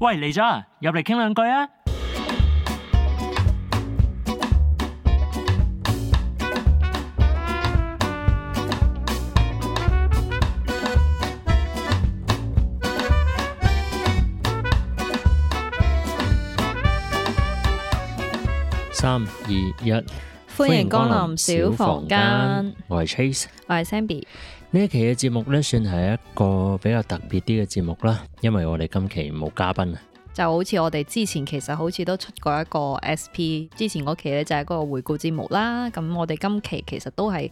喂，嚟咗啊，入嚟傾兩句啊！三二一，歡迎光臨小房間。我係 Trace，我係 Zenbi。呢一期嘅節目咧，算係一個比較特別啲嘅節目啦，因為我哋今期冇嘉賓啊，就好似我哋之前其實好似都出過一個 SP，之前嗰期咧就係嗰個回顧節目啦，咁我哋今期其實都係誒、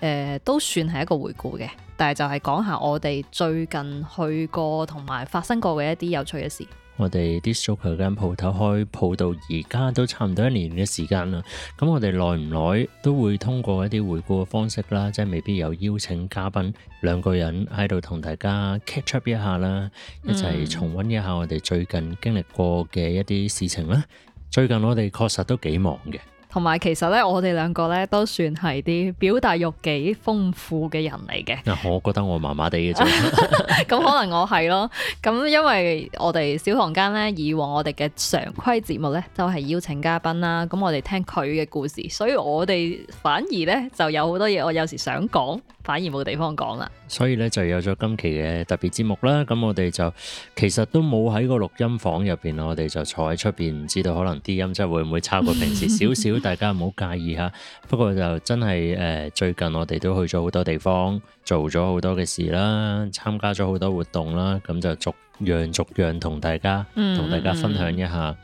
呃、都算係一個回顧嘅，但係就係講下我哋最近去過同埋發生過嘅一啲有趣嘅事。我哋 DISC JOKER 嗰間鋪頭開鋪到而家都差唔多一年嘅時間啦，咁我哋耐唔耐都會通過一啲回顧嘅方式啦，即係未必有邀請嘉賓兩個人喺度同大家 catch up 一下啦，一齊重温一下我哋最近經歷過嘅一啲事情啦。嗯。最近我哋確實都幾忙嘅。同埋，其實咧，我哋兩個咧都算係啲表達欲幾豐富嘅人嚟嘅，啊。我覺得我麻麻地嘅啫。咁、 嗯、可能我係咯。咁、嗯、因為我哋小房間咧，以往我哋嘅常規節目咧，就係邀請嘉賓啦。咁、嗯、我哋聽佢嘅故事，所以我哋反而咧就有好多嘢，我有時想講，反而冇地方講啦，所以咧就有咗今期嘅特別節目啦。咁我哋就其實都冇喺個錄音房入邊，我哋就坐喺出邊，唔知道可能啲音質會唔會差過平時少少， 大家唔好介意嚇。不過就真係誒，最近我哋都去咗好多地方，做咗好多嘅事啦，參加咗好多活動啦，咁就逐樣逐樣同大家同大家分享一下。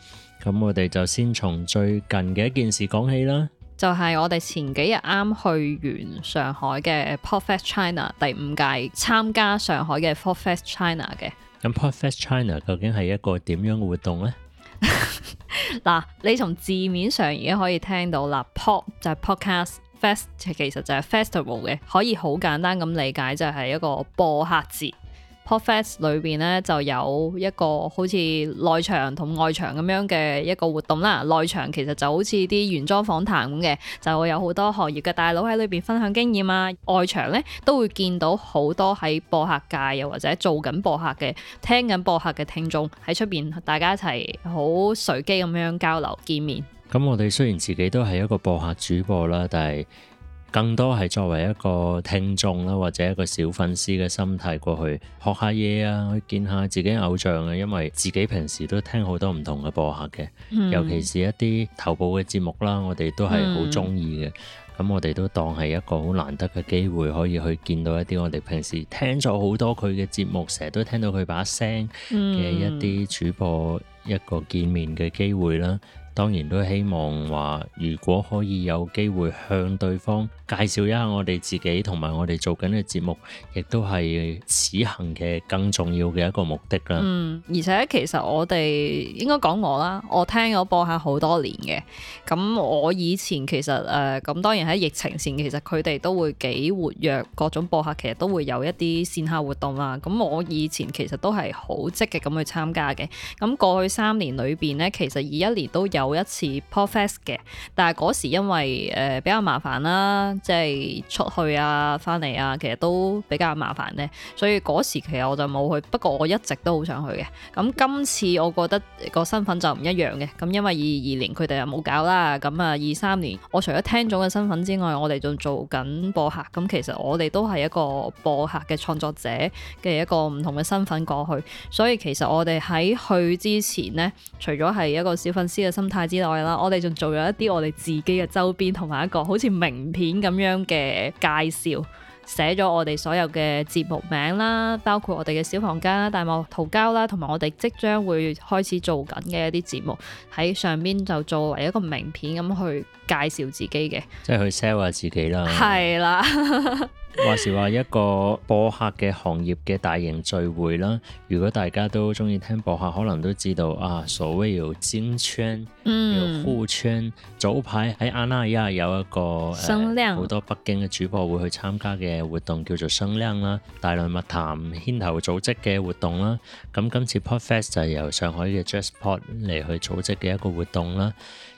咁 我哋就先從最近嘅一件事講起啦。就係我哋前幾日啱去完上海嘅 Podfest China 第五屆，參加上海嘅 Podfest China 嘅。咁 Podfest China 究竟係一個點樣嘅活動呢？嗱、 啊，你從字面上已經可以聽到啦、啊，Pod 就係 Podcast，fest 其實就係 festival 嘅，可以好簡單咁理解就係、是、一個播客節。Podfest 裏邊咧就有一個好似內場同外場咁樣嘅一個活動啦。內場其實就好似啲原裝訪談咁嘅，就會有好多行業嘅大佬喺裏邊分享經驗啊。外場呢，都會見到好多喺播客界又或者做緊播客嘅、聽緊播客嘅聽眾喺出邊，面大家一齊好隨機咁樣交流、見面。咁我哋雖然自己都係一個播客主播啦，但係更多係作為一個聽眾啦，或者一個小粉絲嘅心態過去學下嘢啊，去見下自己偶像啊。因為自己平時都聽好多唔同嘅播客嘅，嗯、尤其是一啲頭部嘅節目啦，我哋都係好中意嘅。咁、嗯、我哋都當係一個好難得嘅機會，可以去見到一啲我哋平時聽咗好多佢嘅節目，成日都聽到佢把聲嘅一啲主播。一個見面嘅機會啦，當然都希望話，如果可以有機會向對方介紹一下我哋自己，同埋我哋做緊嘅節目，亦都係此行嘅更重要嘅一個目的啦。嗯，而且其實我哋應該講我啦，我聽咗播客好多年嘅，咁我以前其實誒，咁當然喺疫情前，其實佢哋都會幾活躍，各種播客其實都會有一啲線下活動啦。咁我以前其實都係好積極咁去參加嘅，咁過去。三年裏邊咧，其實二一年都有一次 Podfest 嘅，但係嗰時因為誒、呃、比較麻煩啦，即係出去啊、翻嚟啊，其實都比較麻煩咧，所以嗰時其實我就冇去。不過我一直都好想去嘅。咁今次我覺得個身份就唔一樣嘅。咁因為二二年佢哋又冇搞啦，咁啊二三年我除咗聽眾嘅身份之外，我哋仲做緊播客。咁其實我哋都係一個播客嘅創作者嘅一個唔同嘅身份過去。所以其實我哋喺去之前。除咗係一個小粉絲嘅心態之外啦，我哋仲做咗一啲我哋自己嘅周邊同埋一個好似名片咁樣嘅介紹，寫咗我哋所有嘅節目名啦，包括我哋嘅小房間啦、大浪淘膠啦，同埋我哋即將會開始做緊嘅一啲節目喺上邊，就作為一個名片咁去介紹自己嘅，即係去 sell 下自己啦。係是啦。 話時話，一個播客嘅行業嘅大型聚會啦，如果大家都中意聽播客，可能都知道啊所 o 有尖圈、有圈嗯、呼圈，早排喺阿拉也有一個好、呃、量多北京嘅主播會去參加嘅活動，叫做生靚啦，大量密談牽頭組織嘅活動啦。咁今次 Pod Fest 就係由上海嘅 Jazz p o t 嚟去組織嘅一個活動啦。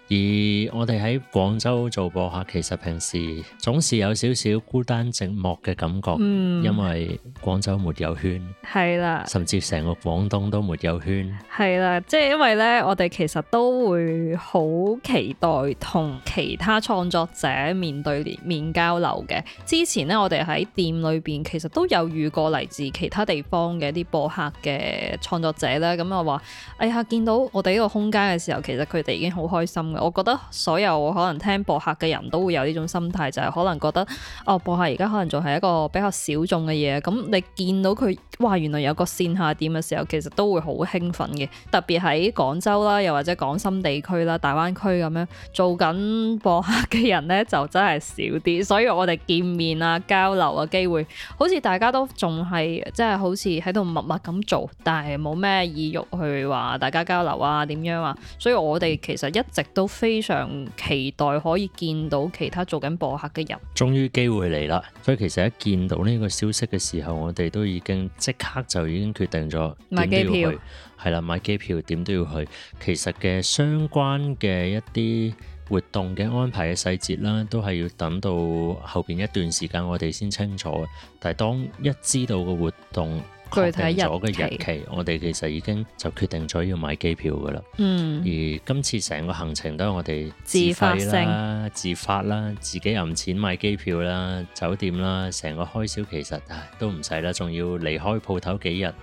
而我哋喺廣州做播客，其實平時總是有少少孤單寂寞嘅感覺，嗯，因為廣州沒有圈，係啦的，甚至成個廣東都沒有圈，係啦，即係因為咧，我哋其實都會好期待同其他創作者面對面交流嘅。之前咧，我哋喺店裏邊其實都有遇過嚟自其他地方嘅一啲播客嘅創作者啦。咁我話哎呀，見到我哋呢個空間嘅時候，其實佢哋已經好開心。我覺得所有可能聽播客嘅人都會有呢種心態，就係、是、可能覺得哦，播客而家可能仲係一個比較小眾嘅嘢。咁你見到佢哇，原來有個線下店嘅時候，其實都會好興奮嘅。特別喺廣州啦，又或者廣深地區啦，大灣區咁樣做緊播客嘅人咧，就真係少啲。所以我哋見面啊，交流啊機會好似大家都仲係即係好似喺度默默咁做，但係冇咩意欲去話大家交流啊點樣啊。所以我哋其實一直都。非常期待可以見到其他做緊播客嘅人，終於機會嚟啦！所以其實一見到呢個消息嘅時候，我哋都已經即刻就已經決定咗買機票，係啦，買機票點都要去。其實嘅相關嘅一啲活動嘅安排嘅細節啦，都係要等到後邊一段時間我哋先清楚。但係當一知道個活動。確定咗嘅日期，嗯、我哋其實已經就決定咗要買機票噶啦。嗯，而今次成個行程都係我哋自費啦、自發，自發啦、自己揞錢買機票啦、酒店啦，成個開銷其實唉都唔使啦，仲要離開鋪頭幾日，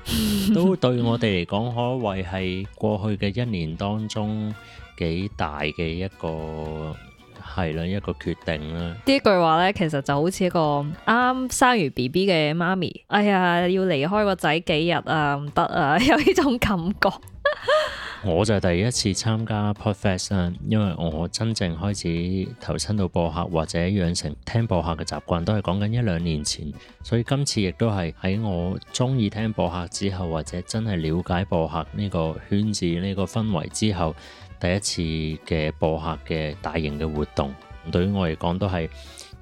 都對我哋嚟講可謂係過去嘅一年當中幾大嘅一個。係啦，一個決定啦。呢句話咧，其實就好似一個啱生完 B B 嘅媽咪，哎呀，要離開個仔幾日啊，唔得啊，有呢種感覺。 我就係第一次參加 Podfest，因為我真正開始投身到播客或者養成聽播客嘅習慣，都係講緊一兩年前，所以今次亦都係喺我中意聽播客之後，或者真係了解播客呢個圈子、呢、呢個氛圍之後。第一次嘅播客嘅大型嘅活動，對於我嚟講都係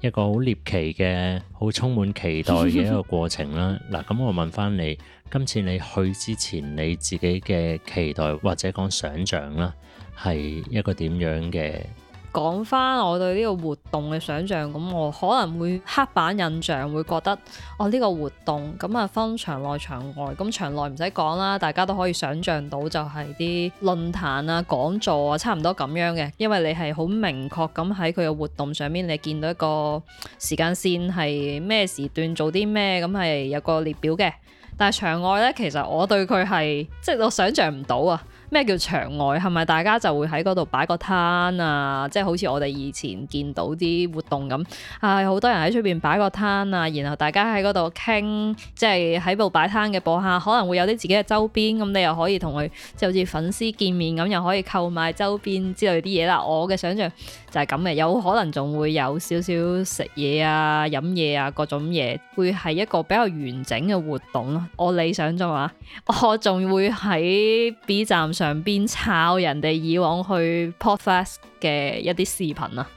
一個好獵奇嘅、好充滿期待嘅一個過程啦。嗱，咁我問翻你，今次你去之前你自己嘅期待或者講想像啦，係一個點樣嘅？講翻我對呢個活動嘅想象，咁我可能會刻板印象會覺得，哦，呢個活動咁啊分場內場外，咁場內唔使講啦，大家都可以想象到就係啲論壇啊、講座啊，差唔多咁樣嘅，因為你係好明確咁喺佢嘅活動上面，你見到一個時間線係咩時段做啲咩，咁係有個列表嘅。但係場外呢，其實我對佢係即係我想象唔到啊。咩叫場外？係咪大家就會喺嗰度擺個攤啊？即係好似我哋以前見到啲活動咁，係、啊、好多人喺出邊擺個攤啊，然後大家喺嗰度傾，即係喺度擺攤嘅播客、啊，可能會有啲自己嘅周邊，咁你又可以同佢即係好似粉絲見面咁，又可以購買周邊之類啲嘢啦。我嘅想像。就係咁嘅，有可能仲會有少少食嘢啊、飲嘢啊，各種嘢，會係一個比較完整嘅活動咯。我理想中啊，我仲會喺 B 站上邊抄人哋以往去 Podfest 嘅一啲視頻啊，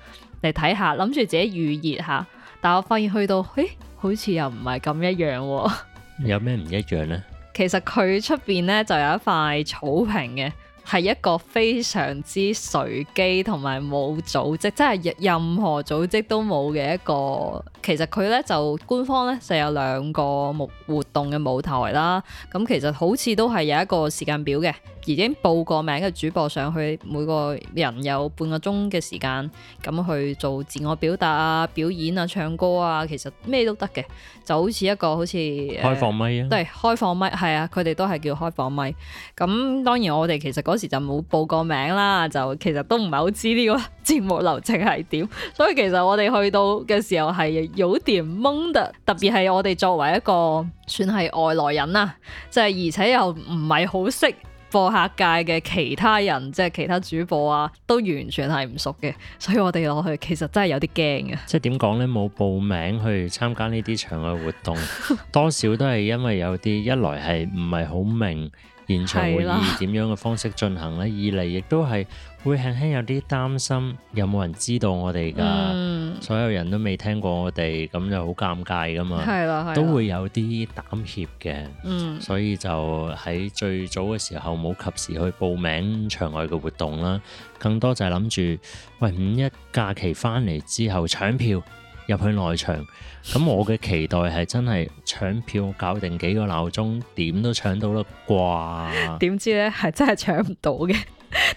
嚟睇下，諗住自己預熱下。但我發現去到，誒、哎，好似又唔係咁一樣喎、啊。有咩唔一樣呢？其實佢出邊呢，就有一塊草坪嘅。係一個非常之隨機同埋冇組織，即係任何組織都冇嘅一個。其實佢呢就官方呢就有兩個幕活動嘅舞台啦。咁其實好似都係有一個時間表嘅，已經報過名嘅主播上去，每個人有半個鐘嘅時,時間，咁去做自我表達啊、表演啊、唱歌啊，其實咩都得嘅，就好似一個好似、呃、開放咪,咪，啊，對，開放咪，係啊，佢哋都係叫開放咪。咁當然我哋其實嗰時就冇報過名啦，就其實都唔係好知呢個節目流程係點，所以其實我哋去到嘅時候係有啲蒙的，特別係我哋作為一個算係外來人啊，就係、是、而且又唔係好識。播客界嘅其他人，即係其他主播啊，都完全係唔熟嘅，所以我哋落去，其實真係有啲驚嘅。即係點講咧？冇報名去參加呢啲場嘅活動， 多少都係因為有啲一來係唔係好明現場會以點樣嘅方式進行咧，二嚟亦都係。會輕輕有啲擔心有冇人知道我哋噶？嗯、所有人都未聽過我哋，咁就好尷尬噶嘛，都會有啲膽怯嘅，嗯、所以就喺最早嘅時候冇及時去報名場外嘅活動啦，更多就係諗住喂五一假期翻嚟之後搶票入去內場，咁我嘅期待係真係搶票搞定幾個鬧鐘點都搶到啦啩，點知呢係真係搶唔到嘅。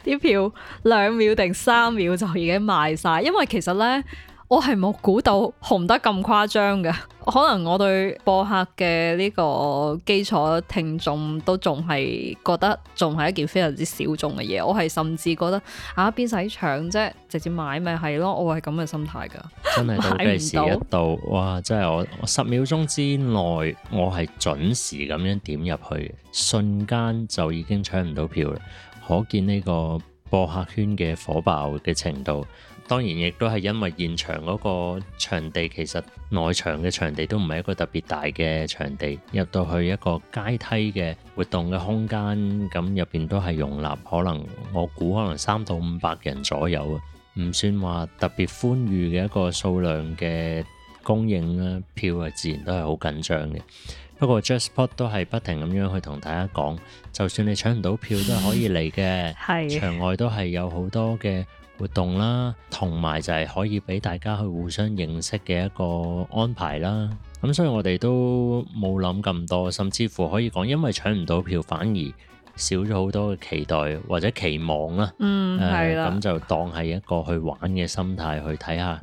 啲 票，兩秒定三秒就已經賣晒，因為其實呢，我係冇估到紅得咁誇張嘅，可能我對播客嘅呢個基礎聽眾都仲係覺得仲係一件非常之小眾嘅嘢，我係甚至覺得啊邊使搶啫？直接買咪係咯，我係咁嘅心態噶。真係到幾時一到哇！真係我，我十秒鐘之內我係準時咁樣點入去，瞬間就已經搶唔到票可見呢個播客圈嘅火爆嘅程度，當然亦都係因為現場嗰個場地，其實內場嘅場地都唔係一個特別大嘅場地，入到去一個階梯嘅活動嘅空間，咁入邊都係容納可能我估可能三到五百人左右，唔算話特別寬裕嘅一個數量嘅供應啦，票啊自然都係好緊張嘅。不過 JazzPod 都係不停咁樣去同大家講，就算你搶唔到票都係可以嚟嘅，嗯、場外都係有好多嘅活動啦，同埋就係可以俾大家去互相認識嘅一個安排啦。咁所以我哋都冇諗咁多，甚至乎可以講，因為搶唔到票反而少咗好多嘅期待或者期望啦。嗯，係啦，咁、呃、就當係一個去玩嘅心態去睇下。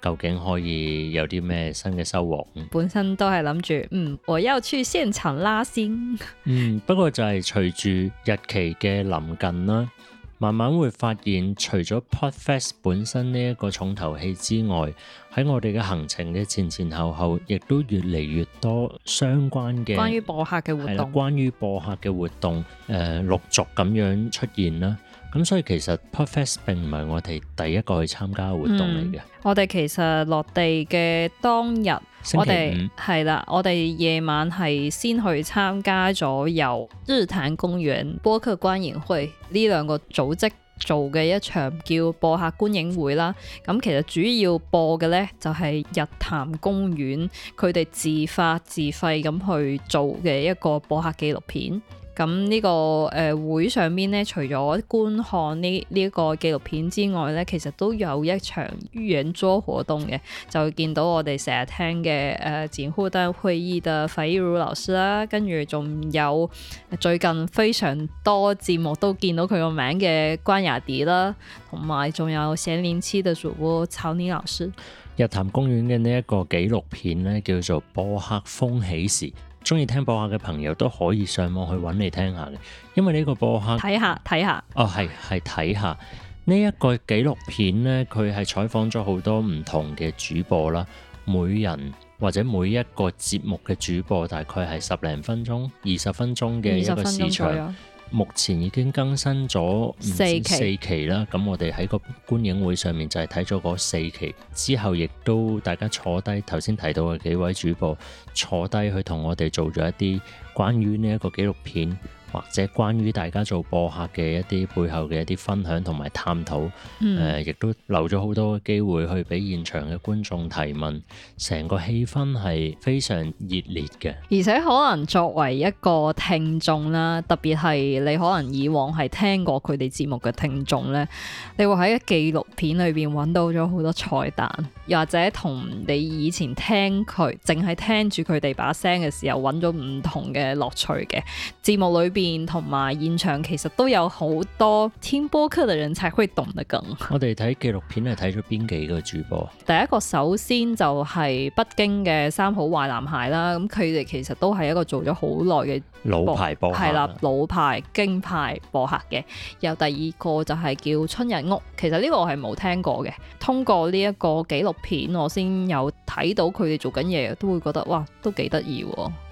究竟可以有啲咩新嘅收穫？本身都係諗住，嗯，我要去現場拉先。 嗯，不過就係隨住日期嘅臨近啦，慢慢會發現，除咗 Podfest 本身呢一個重頭戲之外，喺我哋嘅行程嘅前前後後，亦都越嚟越多相關嘅關於播客嘅活動，關於播客嘅活動，誒、呃，陸續咁樣出現啦。咁所以其實 Podfest 並唔係我哋第一個去參加活動嚟嘅、嗯。我哋其實落地嘅當日，我哋係啦，我哋夜晚係先去參加咗由日談公園播客觀影會呢兩個組織做嘅一場叫播客觀影會啦。咁其實主要播嘅咧就係、是、日談公園佢哋自發自費咁去做嘅一個播客紀錄片。咁呢、這個誒、呃、會上面咧，除咗觀看呢呢、這個紀錄片之外咧，其實都有一場圓桌活動嘅，就見到我哋成日聽嘅誒詹呼德佩伊的費爾魯老師啦，跟住仲有最近非常多節目都見到佢個名嘅關雅迪啦，同埋仲有上年黐嘅主播炒尼老師。日潭公園嘅呢一個紀錄片咧，叫做《波克風起時》。中意聽播客嘅朋友都可以上網去揾你聽下嘅，因為呢個播客睇下睇下，看看看看哦係係睇下呢一個紀錄片呢，佢係採訪咗好多唔同嘅主播啦，每人或者每一個節目嘅主播大概係十零分鐘、二十分鐘嘅一個時長。目前已經更新咗四期啦，咁期我哋喺個觀影會上面就係睇咗嗰四期，之後亦都大家坐低，頭先提到嘅幾位主播坐低去同我哋做咗一啲關於呢一個紀錄片。或者關於大家做播客嘅一啲背後嘅一啲分享同埋探討，誒，亦都留咗好多機會去俾現場嘅觀眾提問，成個氣氛係非常熱烈嘅。而且可能作為一個聽眾啦，特別係你可能以往係聽過佢哋節目嘅聽眾咧，你會喺紀錄片裏邊揾到咗好多彩蛋，又或者同你以前聽佢，淨係聽住佢哋把聲嘅時候揾咗唔同嘅樂趣嘅節目裏邊。同埋現場其實都有好多天播客嘅人才會懂得更。我哋睇紀錄片係睇咗邊幾個主播？第一個首先就係北京嘅三好壞男孩啦，咁佢哋其實都係一個做咗好耐嘅老牌播客，係啦，老牌京派播客嘅。有第二個就係叫春日屋，其實呢個我係冇聽過嘅，通過呢一個紀錄片我先有睇到佢哋做緊嘢，都會覺得哇，都幾得意。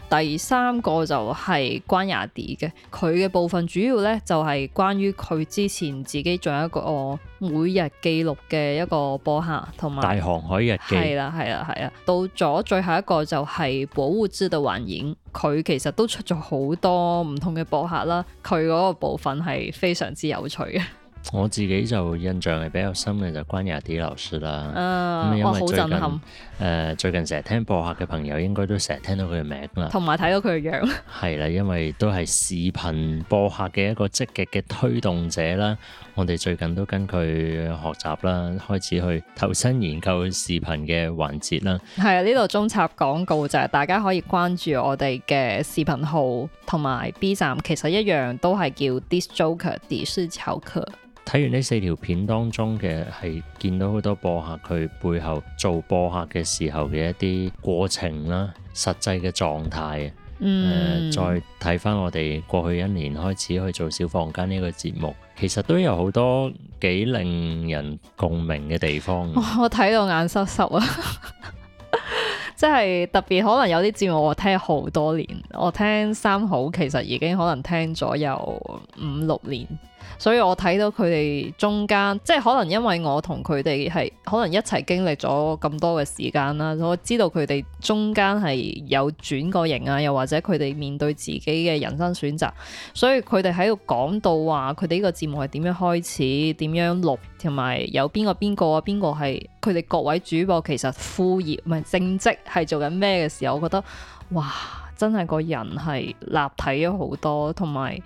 第三個就係關亞迪嘅，佢嘅部分主要呢就係、是、關於佢之前自己做一個每日記錄嘅一個播客，同埋大航海日記。係啦，係啦，係啦。到咗最後一個就係保護之道環境，佢其實都出咗好多唔同嘅播客啦，佢嗰個部分係非常之有趣嘅。我自己就印象係比較深嘅就關於阿 Dee 老師啦，咁、uh，嗯、因為最近誒、好震撼、呃、最近成日聽播客嘅朋友應該都成日聽到佢嘅名啦，同埋睇到佢嘅樣。係啦，因為都係視頻播客嘅一個積極嘅推動者啦，我哋最近都跟佢學習啦，開始去投身研究視頻嘅環節啦。係啊，呢度中插廣告就係、是、大家可以關注我哋嘅視頻號同埋 B 站，其實一樣都係叫 DISC JOKER 迪斯巧克。睇完呢四條片當中嘅，係見到好多播客佢背後做播客嘅時候嘅一啲過程啦，實際嘅狀態啊，誒、嗯呃，再睇返我哋過去一年開始去做小房間呢個節目，其實都有好多幾令人共鳴嘅地方。我睇到眼濕濕啊，即 係特別可能有啲節目我聽好多年，我聽三好其實已經可能聽咗有五六年。所以我睇到佢哋中間，即係可能因為我同佢哋係可能一齊經歷咗咁多嘅時間啦，我知道佢哋中間係有轉過型啊，又或者佢哋面對自己嘅人生選擇，所以佢哋喺度講到話佢哋呢個節目係點樣開始，點樣錄，同埋有邊個邊個啊，邊個係佢哋各位主播其實副業唔係正職係做緊咩嘅時候，我覺得哇，真係個人係立體咗好多，同埋，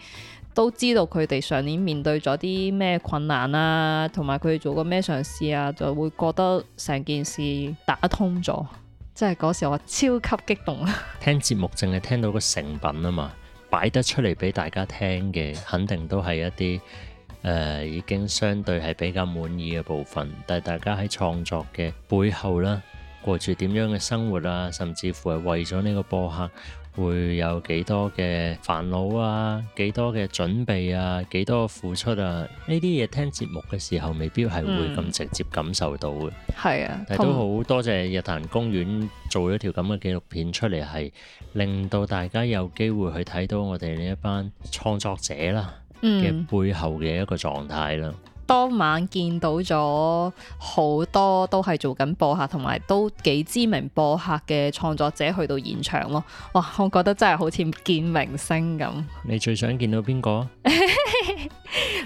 都知道佢哋上年面對咗啲咩困難啊，同埋佢做過咩嘗試啊，就會覺得成件事打通咗，即係嗰時我超級激動啊！聽節目淨係聽到個成品啊嘛，擺得出嚟俾大家聽嘅，肯定都係一啲誒、呃、已經相對係比較滿意嘅部分。但係大家喺創作嘅背後啦，過住點樣嘅生活啊，甚至乎係為咗呢個播客。會有幾多嘅煩惱啊，幾多嘅準備啊，幾多付出啊？呢啲嘢聽節目嘅時候未必係會咁直接感受到嘅。係、嗯、啊，但係都好多謝日壇公園做咗條咁嘅紀錄片出嚟，係令到大家有機會去睇到我哋呢一班創作者啦嘅背後嘅一個狀態啦。嗯嗯當晚見到咗好多都係做緊播客，同埋都幾知名播客嘅創作者去到現場咯。哇！我覺得真係好似見明星咁。你最想見到邊個？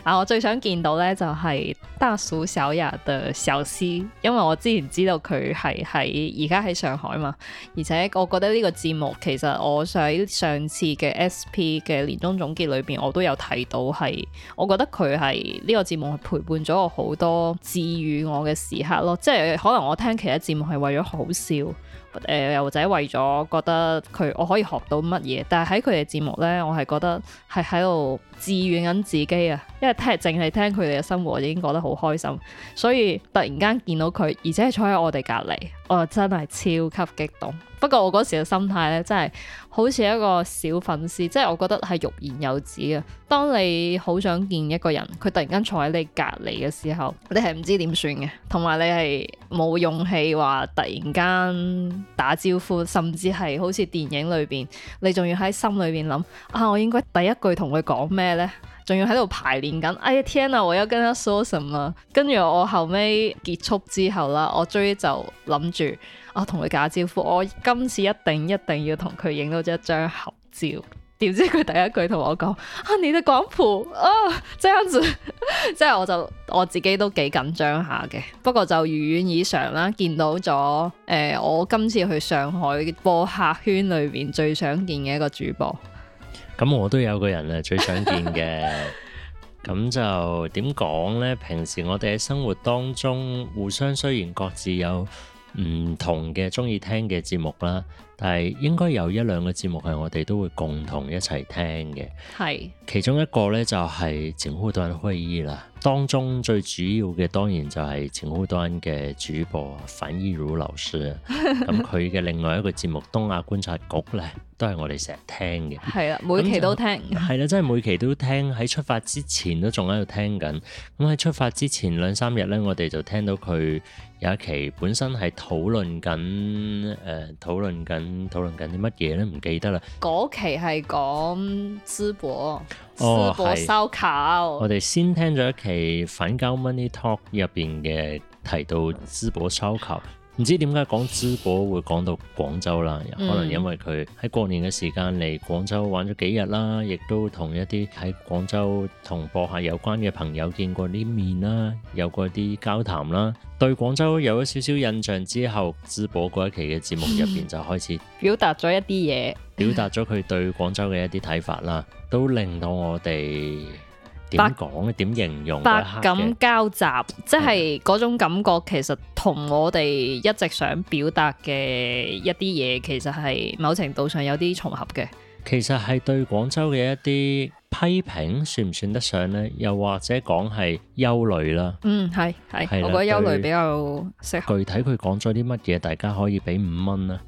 嗱、啊，我最想見到咧就係單數小日的小詩，因為我之前知道佢係喺而家喺上海嘛，而且我覺得呢個節目其實我喺上次嘅 SP 嘅年終總結裏邊，我都有睇到係，我覺得佢係呢個節目係陪伴咗我好多治癒我嘅時刻咯，即係可能我聽其他節目係為咗好笑。誒又、呃、或者為咗覺得佢我可以學到乜嘢，但係喺佢哋節目咧，我係覺得係喺度自怨緊自己啊！因為聽淨係聽佢哋嘅生活，我已經覺得好開心，所以突然間見到佢，而且係坐喺我哋隔離，我真係超級激動。不過我嗰時嘅心態咧，真係好似一個小粉絲，即係我覺得係欲言又止嘅。當你好想見一個人，佢突然間坐喺你隔籬嘅時候，你係唔知點算嘅，同埋你係冇勇氣話突然間打招呼，甚至係好似電影裏邊，你仲要喺心裏邊諗啊，我應該第一句同佢講咩呢？仲要喺度排練緊。哎呀天啊，我要跟佢講咩啊，跟住我後尾結束之後啦，我終於就諗住。我同佢打招呼，我今次一定一定要同佢影到一張合照。點知佢第一句同我講：啊，你在廣普啊！ 即係，即係我就我自己都幾緊張下嘅。不過就如願以償啦，見到咗誒、呃，我今次去上海播客圈裏邊最想見嘅一個主播。咁我都有個人誒最想見嘅，咁 就點講呢？平時我哋喺生活當中互相雖然各自有。唔同嘅中意聽嘅節目啦。係應該有一兩個節目係我哋都會共同一齊聽嘅，係是其中一個咧就係《前呼導引開啲啦》，當中最主要嘅當然就係《前呼導引》嘅主播范依如老師，咁佢嘅另外一個節目《東亞觀察局》呢咧都係我哋成日聽嘅，係啦，每期都聽，係啦，真係每期都聽，喺出發之前都仲喺度聽緊，咁喺出發之前兩三日咧，我哋就聽到佢有一期本身係討論緊，誒討論緊。嗯、討論緊啲乜嘢咧？唔記得啦。嗰期係講淄博，淄博、哦、淄博燒烤。我哋先聽咗一期反交 Money Talk 入邊嘅提到淄博燒烤。唔知點解講淄博會講到廣州啦，可能因為佢喺過年嘅時間嚟廣州玩咗幾日啦，亦都同一啲喺廣州同播客有關嘅朋友見過啲面啦，有過啲交談啦，對廣州有咗少少印象之後，淄博嗰一期嘅節目入邊就開始表達咗一啲嘢， 表達咗佢對廣州嘅一啲睇法啦，都令到我哋。點講咧，點形容？百感交集，即係嗰種感覺。其實同我哋一直想表達嘅一啲嘢，其實係某程度上有啲重合嘅。其實係對廣州嘅一啲批評，算唔算得上咧？又或者講係憂慮啦。嗯，係係，我覺得憂慮比較適合。具體佢講咗啲乜嘢？大家可以俾五蚊啦。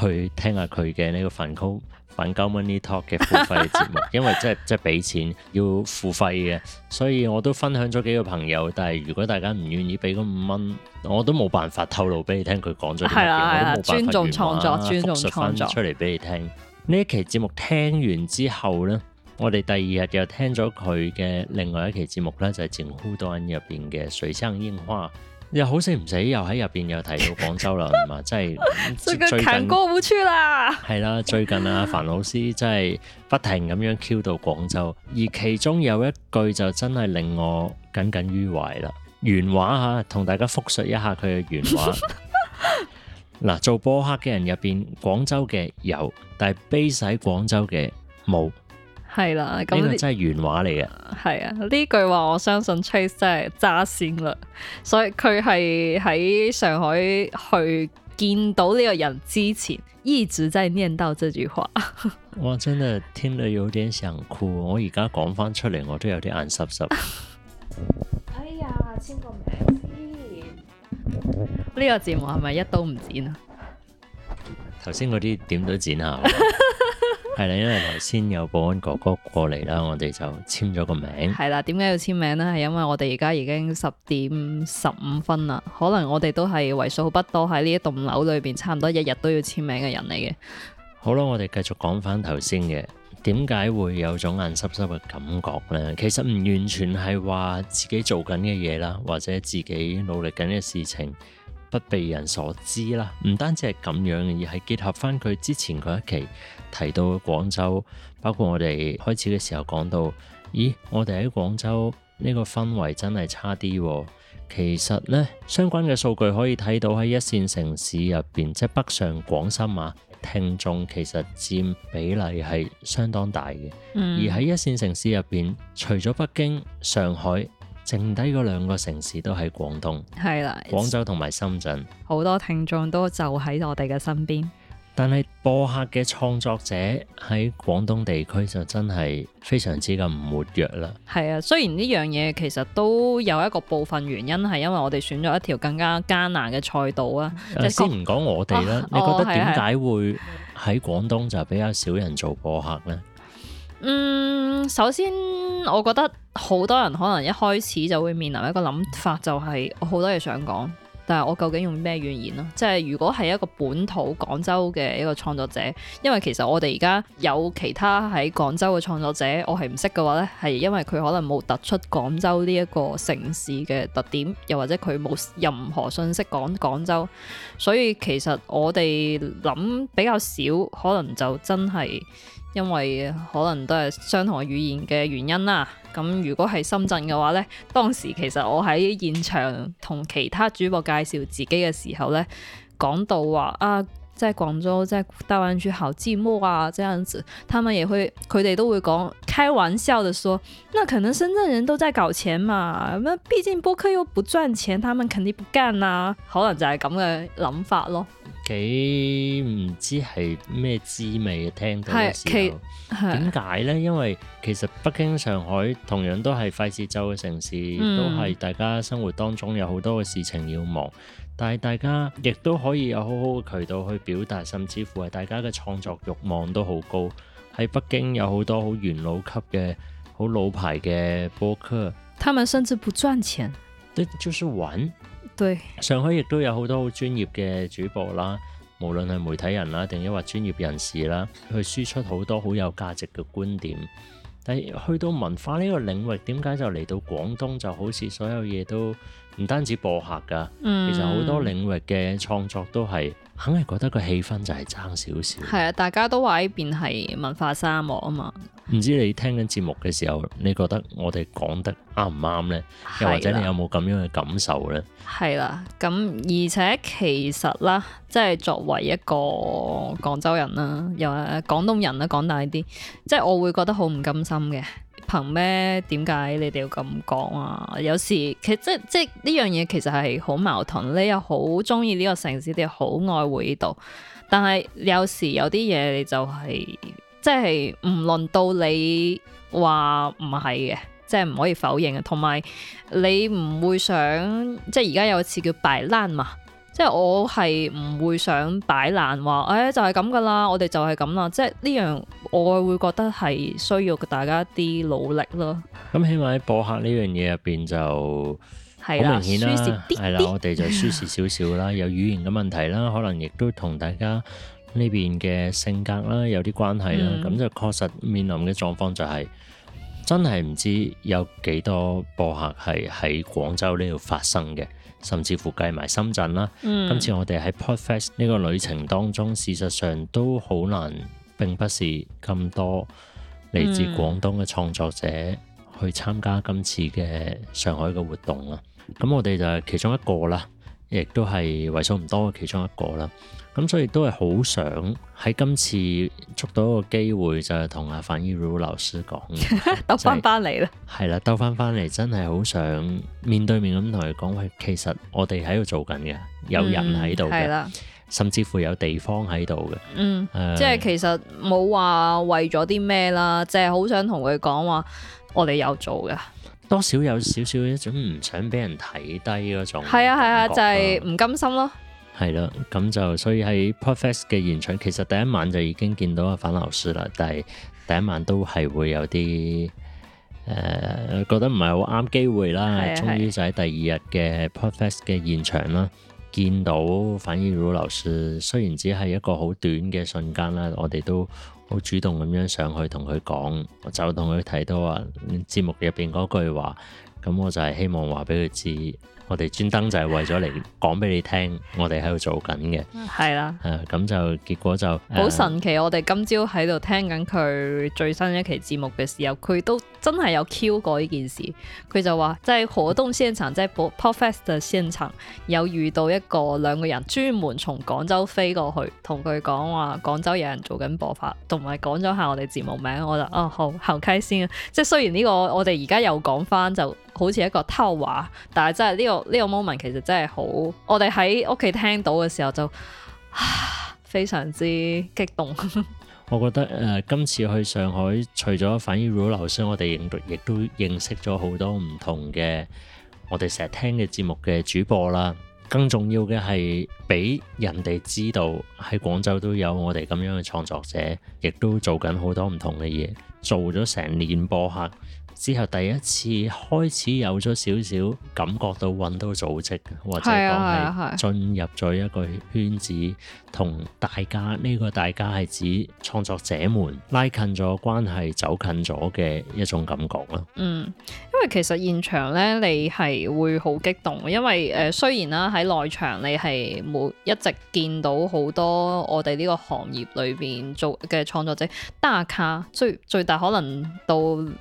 去聽下佢嘅呢個粉曲反金 Money Talk 嘅付費節目，因為即係即係俾錢要付費嘅，所以我都分享咗幾個朋友。但係如果大家唔願意俾嗰五蚊，我都冇辦法透露俾你聽佢講咗乜嘅，我冇辦法復述翻出嚟俾你聽。呢一期節目聽完之後呢，我哋第二日又聽咗佢嘅另外一期節目呢就係、是《整 Who 入邊嘅水上櫻花」。又好死唔死，又喺入邊又提到廣州啦，咁啊、 嗯，真係最近過唔去啦。係 近 啦，最近阿、啊、 凡老師真係不停咁樣 Q 到廣州，而其中有一句就真係令我耿耿於懷啦。原話吓，同大家複述一下佢嘅原話。嗱， 做播客嘅人入邊，廣州嘅有，但係 base 喺廣州嘅冇。係啦，咁呢句真係原話嚟嘅。係啊，呢、啊、句話我相信 Trace 真係揸先啦，所以佢係喺上海去見到呢個人之前，一直在念到這句話。我 真係聽得有點想哭，我而家講翻出嚟，我都有啲眼濕濕、啊。哎呀，簽個名先。呢個節目係咪一刀唔剪啊？頭先嗰啲點都剪下。 係啦，因為頭先有保安哥哥過嚟啦，我哋就簽咗個名。係啦，點解要簽名呢？係因為我哋而家已經十點十五分啦，可能我哋都係為數不多喺呢一棟樓裏邊差唔多日日都要簽名嘅人嚟嘅。好啦，我哋繼續講返頭先嘅，點解會有種眼濕濕嘅感覺呢？其實唔完全係話自己做緊嘅嘢啦，或者自己努力緊嘅事情。不被人所知啦，唔單止係咁樣，而係結合翻佢之前 𠮶 一期提到廣州，包括我哋開始嘅時候講到，咦，我哋喺廣州呢個氛圍真係差啲，哦。其實咧，相關嘅數據可以睇到喺一線城市入邊，即係北上廣深啊，聽眾其實占比例係相當大嘅。嗯、而喺一線城市入邊除咗北京、上海。剩低嗰兩個城市都喺廣東，係啦的，廣州同埋深圳，好多聽眾都就喺我哋嘅身邊。但係播客嘅創作者喺廣東地區就真係非常之咁唔活躍啦。係啊，雖然呢樣嘢其實都有一個部分原因係因為我哋選咗一條更加艱難嘅賽道啊。即是先唔講我哋啦，哦、你覺得點解會喺廣東就比較少人做播客呢？嗯，首先我覺得好多人可能一開始就會面臨一個諗法，就係、是、我好多嘢想講，但係我究竟用咩語言咯？即係如果係一個本土廣州嘅一個創作者，因為其實我哋而家有其他喺廣州嘅創作者，我係唔識嘅話呢，係因為佢可能冇突出廣州呢一個城市嘅特點，又或者佢冇任何信息講廣州，所以其實我哋諗比較少，可能就真係。因為可能都係相同嘅語言嘅原因啦，咁如果係深圳嘅話咧，當時其實我喺現場同其他主播介紹自己嘅時候咧，講到話啊。在廣州，在大灣區好寂寞啊，這樣子，他們也會佢哋都會講開玩笑的說，那可能深圳人都在搞錢嘛，咁畢竟播客又不賺錢，他們肯定不幹啊。」可能就係咁嘅諗法咯。幾唔知係咩滋味、啊？聽到嘅時候，點解呢？因為其實北京、上海同樣都係快節奏嘅城市，都係大家生活當中有好多嘅事情要忙。但係大家亦都可以有好好嘅渠道去表達，甚至乎係大家嘅創作欲望都好高。喺北京有好多好元老級嘅、好老牌嘅播客。他們甚至不賺錢，即係就是玩。對，上海亦都有好多好專業嘅主播啦，無論係媒體人啦，定抑或專業人士啦，去輸出好多好有價值嘅觀點。但係去到文化呢個領域，點解就嚟到廣東就好似所有嘢都？唔單止播客㗎，其實好多領域嘅創作都係，肯係覺得個氣氛就係爭少少。係、嗯、啊，大家都話呢邊係文化沙漠啊嘛。唔知你聽緊節目嘅時候，你覺得我哋講得啱唔啱呢？又或者你有冇咁樣嘅感受呢？係啦、啊，咁、啊、而且其實啦，即係作為一個廣州人啦，又廣東人啦，講大啲，即係我會覺得好唔甘心嘅。憑咩？點解你哋要咁講啊？有時其實即即呢樣嘢，其實係好矛盾。你又好中意呢個城市，你好愛會度。但係有時有啲嘢你就係、是、即係唔輪到你話唔係嘅，即係唔可以否認啊。同埋你唔會想即係而家有個詞叫擺爛嘛？即係我係唔會想擺爛話，誒、哎、就係咁噶啦，我哋就係咁啦。即係呢樣我會覺得係需要大家啲努力咯。咁起碼喺播客呢樣嘢入邊就好明顯啦。係啦、啊啊，我哋就舒適少少啦，有語言嘅問題啦，可能亦都同大家呢邊嘅性格啦有啲關係啦。咁、嗯、就確實面臨嘅狀況就係、是、真係唔知有幾多播客係喺廣州呢度發生嘅。甚至乎計埋深圳啦，嗯、今次我哋喺 Podfest 呢個旅程當中，事實上都好難，並不是咁多嚟自廣東嘅創作者去參加今次嘅上海嘅活動啦。咁、嗯、我哋就係其中一個啦，亦都係為數唔多嘅其中一個啦。咁、嗯、所以都係好想喺今次捉到一個機會就， 了就係同阿范依魯老師講，鬥翻翻嚟啦。係啦，鬥翻翻嚟，真係好想面對面咁同佢講，喂，其實我哋喺度做緊嘅，有人喺度嘅，嗯、甚至乎有地方喺度嘅。嗯，呃、即係其實冇話為咗啲咩啦，就係、是、好想同佢講話，我哋有做嘅，多少有少少一種唔想俾人睇低嗰種。係啊係啊，就係、是、唔甘心咯。係啦，咁就所以喺 Podfest 嘅現場，其實第一晚就已經見到阿反流師啦，但係第一晚都係會有啲誒、呃、覺得唔係好啱機會啦。終於是的 就喺第二日嘅 Podfest 嘅現場啦，見到反而魯流師，雖然只係一個好短嘅瞬間啦，我哋都好主動咁樣上去同佢講，就同佢提到話節目入邊嗰句話，咁我就係希望話俾佢知。我哋專登就係為咗嚟講俾你聽我們在，我哋喺度做緊嘅，係啦、嗯，誒咁就結果就好神奇。Uh, 我哋今朝喺度聽緊佢最新一期節目嘅時候，佢都。真係有 cue 過呢件事，佢就話，即係活動現場，即係 Podfest 現場有遇到一個兩個人，專門從廣州飛過去，同佢講話廣州有人做緊播發，同埋講咗下我哋節目名，我就啊、哦、好後溪先啊！即係雖然呢、呢個我哋而家又講翻，就好似一個偷話，但係真係呢、呢個呢、呢個 moment 其實真係好，我哋喺屋企聽到嘅時候就。非常之激動。 我覺得誒、呃，今次去上海，除咗反映羅流師，我哋認亦都認識咗好多唔同嘅，我哋成日聽嘅節目嘅主播啦。更重要嘅係，俾人哋知道喺廣州都有我哋咁樣嘅創作者，亦都做緊好多唔同嘅嘢，做咗成年播客。之後第一次開始有咗少少感覺到揾到組織，或者講係進入咗一個圈子，同大家呢個大家係指創作者們拉近咗關係、走近咗嘅一種感覺咯。嗯。因為其實現場咧，你係會好激動，因為誒、呃、雖然啦喺內場，你係冇一直見到好多我哋呢個行業裏邊做嘅創作者大咖，最最大可能到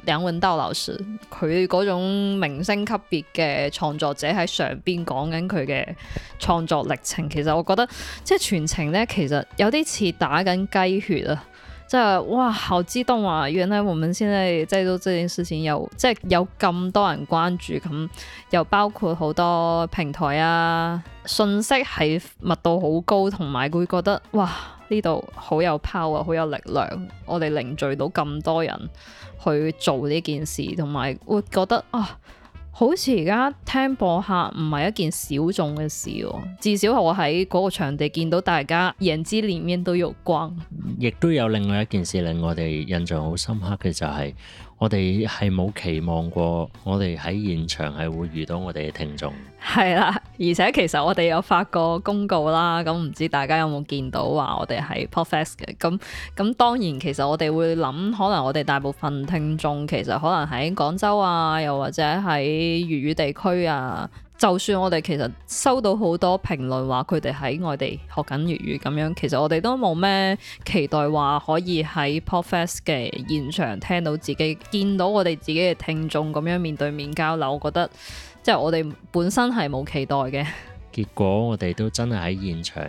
梁文道老師，佢嗰種明星級別嘅創作者喺上邊講緊佢嘅創作歷程。其實我覺得即係全程咧，其實有啲似打緊雞血啊！即係哇，好激動啊！原來我們現在在做這件事情，又即係有咁多人關注，咁又包括好多平台啊，信息係密度好高，同埋會覺得哇呢度好有 power，好有力量，我哋凝聚到咁多人去做呢件事，同埋會覺得啊。好似而家聽播客唔係一件小眾嘅事喎、哦，至少我喺嗰個場地見到大家人之臉面都有光，亦都有另外一件事令我哋印象好深刻嘅就係、是。我哋係冇期望過，我哋喺現場係會遇到我哋嘅聽眾。係啦，而且其實我哋有發過公告啦，咁唔知大家有冇見到話我哋係 Podfest 嘅。咁咁當然，其實我哋會諗，可能我哋大部分聽眾其實可能喺廣州啊，又或者喺粵語地區啊。就算我哋其實收到好多評論話佢哋喺外地學緊粵語咁樣，其實我哋都冇咩期待話可以喺 Podfest 嘅現場聽到自己見到我哋自己嘅聽眾咁樣面對面交流，我覺得即係我哋本身係冇期待嘅。結果我哋都真係喺現場、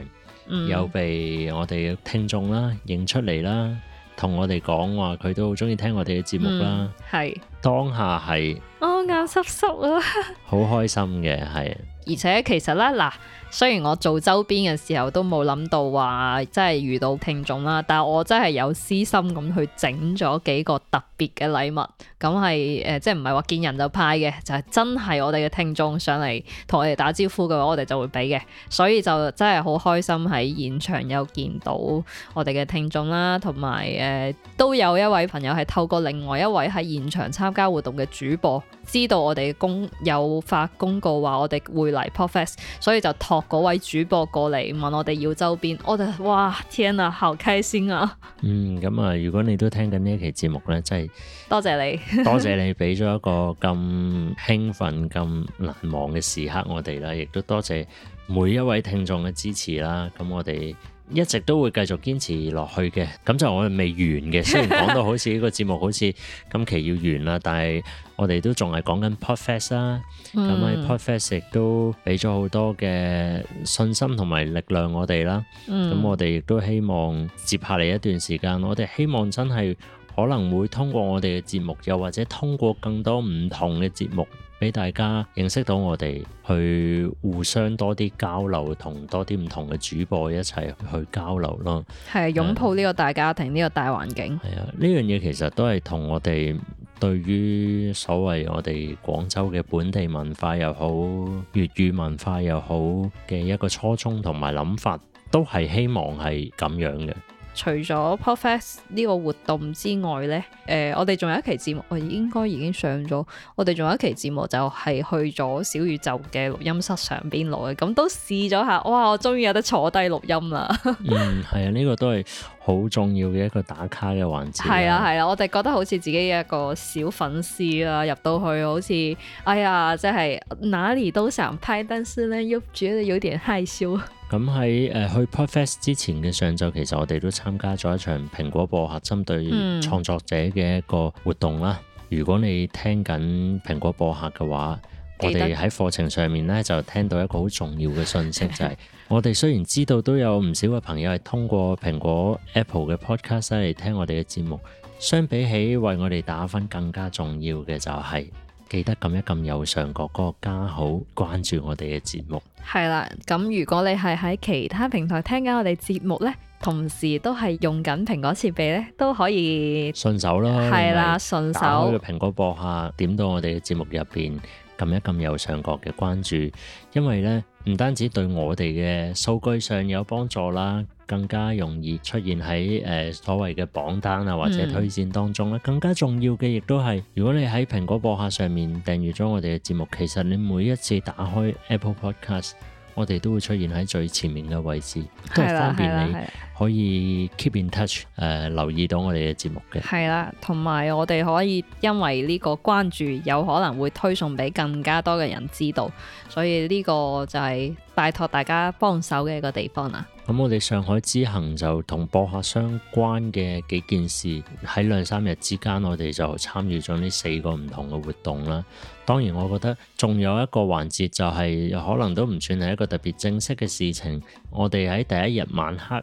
嗯、有被我哋嘅聽眾啦認出嚟啦。同我哋講話，佢都好中意聽我哋嘅節目啦。係、嗯、當下係我眼濕濕啊，好開心嘅係。嗯、 而且其實咧，嗱。雖然我做周邊嘅時候都冇諗到話，真係遇到聽眾啦，但我真係有私心咁去整咗幾個特別嘅禮物，咁係誒，即係唔係話見人就派嘅，就係、是、真係我哋嘅聽眾上嚟同我哋打招呼嘅話，我哋就會俾嘅，所以就真係好開心喺現場有見到我哋嘅聽眾啦，同埋誒都有一位朋友係透過另外一位喺現場參加活動嘅主播，知道我哋公有發公告話我哋會嚟 p r o f e s s 所以就托。嗰位主播過嚟問我哋要周邊，我哋哇天啊，好開心啊！嗯，咁啊，如果你都聽緊呢一期節目咧，真係多謝你， 多謝你俾咗一個咁興奮、咁難忘嘅時刻我哋啦，亦都多謝每一位聽眾嘅支持啦。咁我哋一直都會繼續堅持落去嘅。咁就我哋未完嘅，雖然講到好似呢個節目好似今期要完啦， 但係。我哋都仲係講緊 Podfe、嗯、st 啦，咁喺 Podfest 亦都俾咗好多嘅信心同埋力量我哋啦。咁、嗯、我哋亦都希望接下嚟一段時間，我哋希望真係可能會通過我哋嘅節目，又或者通過更多唔同嘅節目，俾大家認識到我哋，去互相多啲交流，多同多啲唔同嘅主播一齊去交流咯。係啊，擁抱呢個大家庭，呢、啊、個大環境。係啊，呢樣嘢其實都係同我哋。對於所謂我哋廣州嘅本地文化又好，粵語文化又好嘅一個初衷同埋諗法，都係希望係咁樣嘅。除咗 Podfest 呢個活動之外呢，誒、呃，我哋仲有一期節目，我應該已經上咗。我哋仲有一期節目就係去咗小宇宙嘅錄音室上邊錄嘅，咁都試咗下。哇！我終於有得坐低錄音啦。 嗯，係啊，呢、這個都係，好重要嘅一個打卡嘅環節。係啊，係啊，我哋覺得好似自己一個小粉絲啦，入到去好似，哎呀，即係哪裏都想拍，但是咧又覺得有點害羞。咁喺誒去 Podfest 之前嘅上晝，其實我哋都參加咗一場蘋果播客針對創作者嘅一個活動啦。嗯、如果你聽緊蘋果播客嘅話，我哋喺課程上面咧，就聽到一個好重要嘅信息。 就係我哋雖然知道都有唔少嘅朋友係通過蘋果 Apple 嘅 Podcast 嚟聽我哋嘅節目，相比起為我哋打分更加重要嘅就係、係、記得撳一撳右上角嗰、嗰個加號，關注我哋嘅節目。係啦，咁如果你係喺其他平台聽緊我哋節目咧，同時都係用緊蘋果設備咧，都可以順手咯。係啦，順手嘅蘋果播客點到我哋嘅節目入邊，撳一撳右上角嘅關注，因為咧唔單止對我哋嘅數據上有幫助啦，更加容易出現喺誒、呃、所謂嘅榜單啊或者推薦當中咧。嗯、更加重要嘅亦都係，如果你喺蘋果播客上面訂閲咗我哋嘅節目，其實你每一次打開 Apple Podcast，我哋都會出現喺最前面嘅位置，都的方便你可以 keep in touch，誒的、呃、留意到我哋嘅節目嘅。係啦，同埋我哋可以因為呢個關注，有可能會推送俾更加多嘅人知道，所以呢個就係拜託大家幫手嘅一個地方啦。咁我哋上海之行就同播客相關嘅幾件事，喺兩三日之間，我哋就參與咗呢四個唔同嘅活動啦。當然，我覺得仲有一個環節，就係可能都唔算係一個特別正式嘅事情。我哋喺第一日晚黑，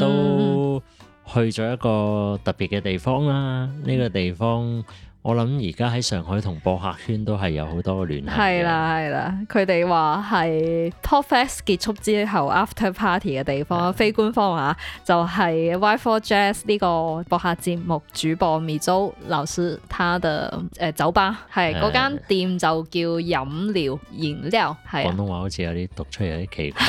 都去咗一個特別嘅地方啦。呢個地方。我諗而家喺上海同博客圈都係有好多嘅聯繫嘅。係啦係啦，佢哋話係 Podfest 結束之後 After Party 嘅地方，啊、非官方啊，就係 Y4Jazz 呢個博客節目主播 Mizu 老師他的誒、呃、酒吧，係嗰間店就叫飲料燃料，係、啊。廣東話好似有啲讀出有啲奇怪。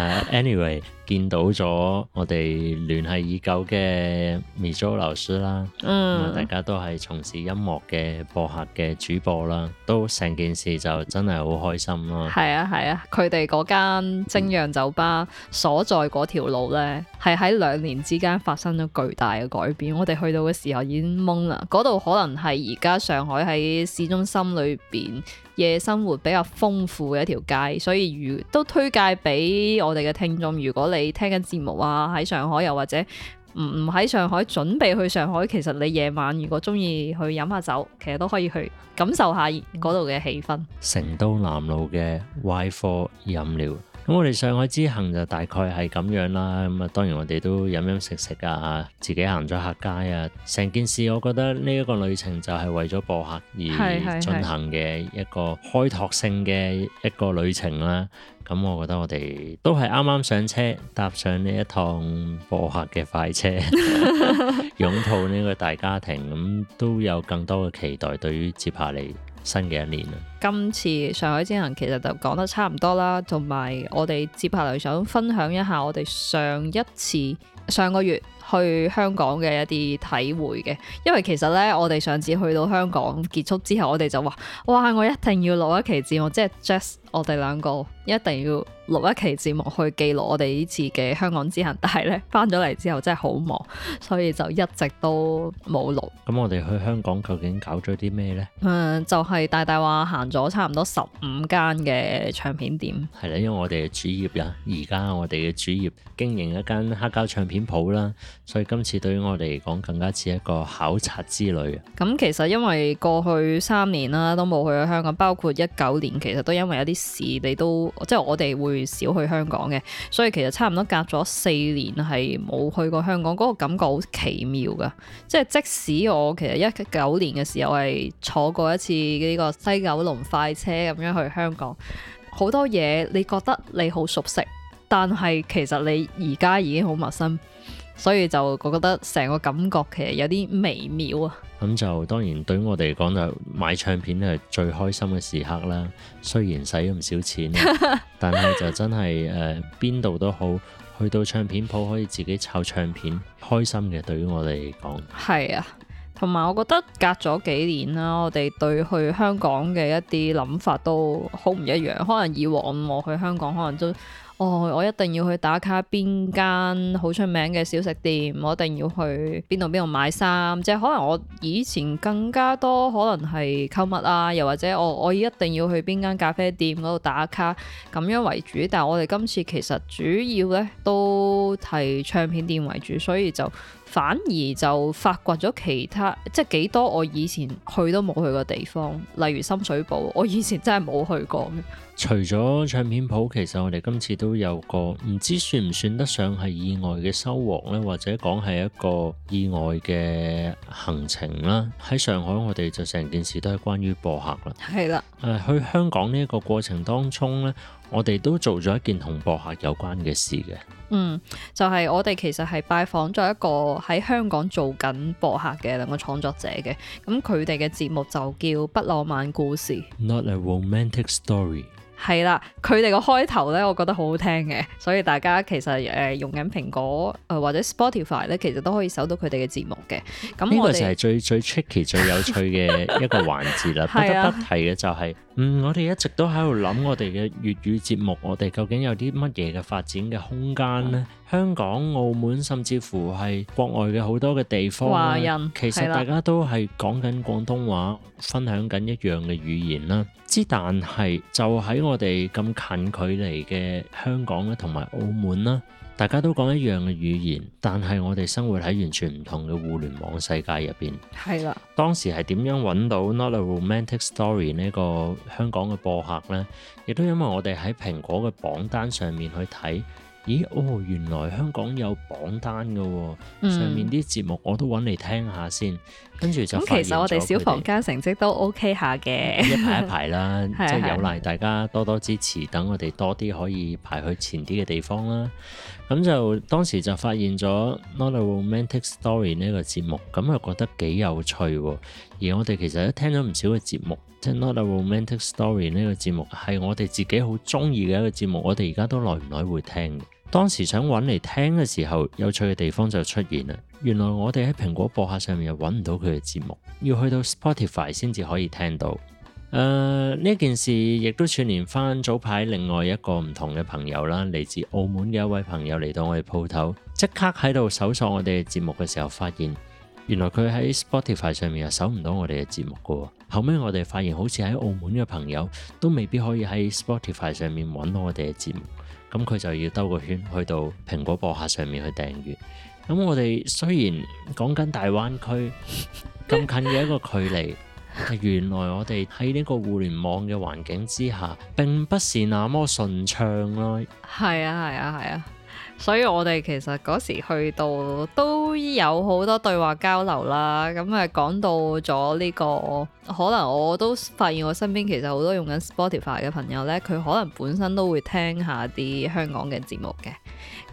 Uh, anyway，見到咗我哋聯繫已久嘅 Mizuo 老師啦，咁、嗯、大家都係從事音樂嘅播客嘅主播啦，都成件事就真係好開心咯。係啊係啊，佢哋嗰間精釀酒吧所在嗰條路咧，係喺兩年之間發生咗巨大嘅改變。我哋去到嘅時候已經懵啦，嗰度可能係而家上海喺市中心裏邊。夜生活比較豐富嘅一條街，所以如都推介俾我哋嘅聽眾。如果你聽緊節目啊，喺上海又或者唔唔喺上海，準備去上海，其實你夜晚如果鍾意去飲下酒，其實都可以去感受下嗰度嘅氣氛。成都南路嘅 Y Four 飲料。咁我哋上海之行就大概係咁樣啦，咁啊當然我哋都飲，飲飲食食啊，自己行咗下街啊，成件事我覺得呢一個旅程，就係為咗播客而進行嘅一個開拓性嘅一個旅程啦。咁我覺得我哋都係啱啱上車搭上呢一趟播客嘅快車，擁 抱呢個大家庭，咁都有更多嘅期待對於接下嚟。新嘅一年，今次上海之行其實就講得差唔多啦，同埋我哋接下嚟想分享一下我哋上一次，上個月，去香港嘅一啲體會嘅，因為其實呢，我哋上次去到香港結束之後，我哋就話：哇，我一定要錄一期節目，即係 just 我哋兩個一定要錄一期節目去記錄我哋呢次嘅香港之行。但係呢，翻咗嚟之後真係好忙，所以就一直都冇錄。咁我哋去香港究竟搞咗啲咩呢？誒，就係大大話行咗差唔多十五間嘅唱片店。係啦，因為我哋嘅主業啊，而家我哋嘅主業經營一間黑膠唱片鋪啦。所以今次對於我哋嚟講，更加似一個考察之旅。咁其實因為過去三年啦，都冇去過香港，包括一九年，其實都因為有啲事，你都即係我哋會少去香港嘅。所以其實差唔多隔咗四年係冇去過香港，嗰個感覺好奇妙㗎。即係即使我其實一九年嘅時候係坐過一次呢個西九龍快車咁樣去香港，好多嘢你覺得你好熟悉，但係其實你而家已經好陌生。所以就我覺得成個感覺其實有啲微妙啊。咁、嗯、就當然對於我哋嚟講就買唱片係最開心嘅時刻啦。雖然使咗唔少錢， 但係就真係誒邊度都好，去到唱片鋪可以自己抄唱片，開心嘅對於我哋嚟講。係啊，同埋我覺得隔咗幾年啦，我哋對去香港嘅一啲諗法都好唔一樣。可能以往我去香港，可能都哦，我一定要去打卡邊間好出名嘅小食店，我一定要去邊度邊度買衫，即係可能我以前更加多可能係購物啊，又或者我我一定要去邊間咖啡店嗰度打卡咁樣為主。但係我哋今次其實主要呢都係唱片店為主，所以就反而就發掘咗其他即係幾多我以前去都冇去過嘅地方，例如深水埗，我以前真係冇去過。除咗唱片鋪，其實我哋今次都有個唔知算唔算得上係意外嘅收穫咧，或者講係一個意外嘅行程啦。喺上海，我哋就成件事都係關於播客啦。係啦的，誒、呃，去香港呢一個過程當中呢，我哋都做咗一件同播客有關嘅事嘅。嗯，就係、是、我哋其實係拜訪咗一個喺香港做緊播客嘅兩個創作者嘅。咁佢哋嘅節目就叫不浪漫故事，Not a Romantic Story。係啦，佢哋個開頭咧，我覺得好好聽嘅，所以大家其實誒、呃、用緊蘋果誒、呃、或者 Spotify 咧，其實都可以搜到佢哋嘅節目嘅。咁呢個就係最最 tricky、最有趣嘅一個環節啦， 不得不得提嘅就係、是。嗯，我哋一直都喺度諗，我哋嘅粵語節目，我哋究竟有啲乜嘢嘅發展嘅空間呢？嗯、香港、澳門，甚至乎係國外嘅好多嘅地方，華人，其實大家都係講緊廣東話，分享緊一樣嘅語言啦。之但係就喺我哋咁近距離嘅香港咧，同埋澳門啦。大家都講一樣嘅語言，但係我哋生活喺完全唔同嘅互聯網世界入邊。係啦的，當時係點樣揾到 Not a Romantic Story 呢個香港嘅播客呢？亦都因為我哋喺蘋果嘅榜單上面去睇，咦，哦，原來香港有榜單嘅，哦，上面啲節目我都揾嚟聽下先。嗯跟住就發現咗佢哋。咁其實我哋小房間成績都 OK 下嘅。 一排一排啦，即係有賴大家多多支持， 的等我哋多啲可以排去前啲嘅地方啦。咁就當時就發現咗 Not a Romantic Story 呢個節目，咁啊覺得幾有趣。而我哋其實都聽咗唔少嘅節目，即係 Not a Romantic Story 呢個節目係我哋自己好中意嘅一個節目，我哋而家都耐唔耐會聽。當時想揾嚟聽嘅時候，有趣嘅地方就出現啦。原來我哋喺蘋果播客上面又揾唔到佢嘅節目，要去到 Spotify 先至可以聽到。誒、呃，呢件事亦都串連翻早排另外一個唔同嘅朋友啦，嚟自澳門嘅一位朋友嚟到我哋鋪頭，即刻喺度搜索我哋嘅節目嘅時候，發現原來佢喺 Spotify 上面又搜唔到我哋嘅節目噶、哦。後尾我哋發現，好似喺澳門嘅朋友都未必可以喺 Spotify 上面揾到我哋嘅節目。咁佢就要兜個圈去到蘋果播客上面去訂閱。咁我哋雖然講緊大灣區咁 近嘅一個距離， 原來我哋喺呢個互聯網嘅環境之下並不是那麼順暢咯。係啊，係啊，係啊。所以我哋其實嗰時去到都有好多對話交流啦，咁啊講到咗呢個，可能我都發現我身邊其實好多用緊 Spotify 嘅朋友呢，佢可能本身都會聽一下啲香港嘅節目嘅，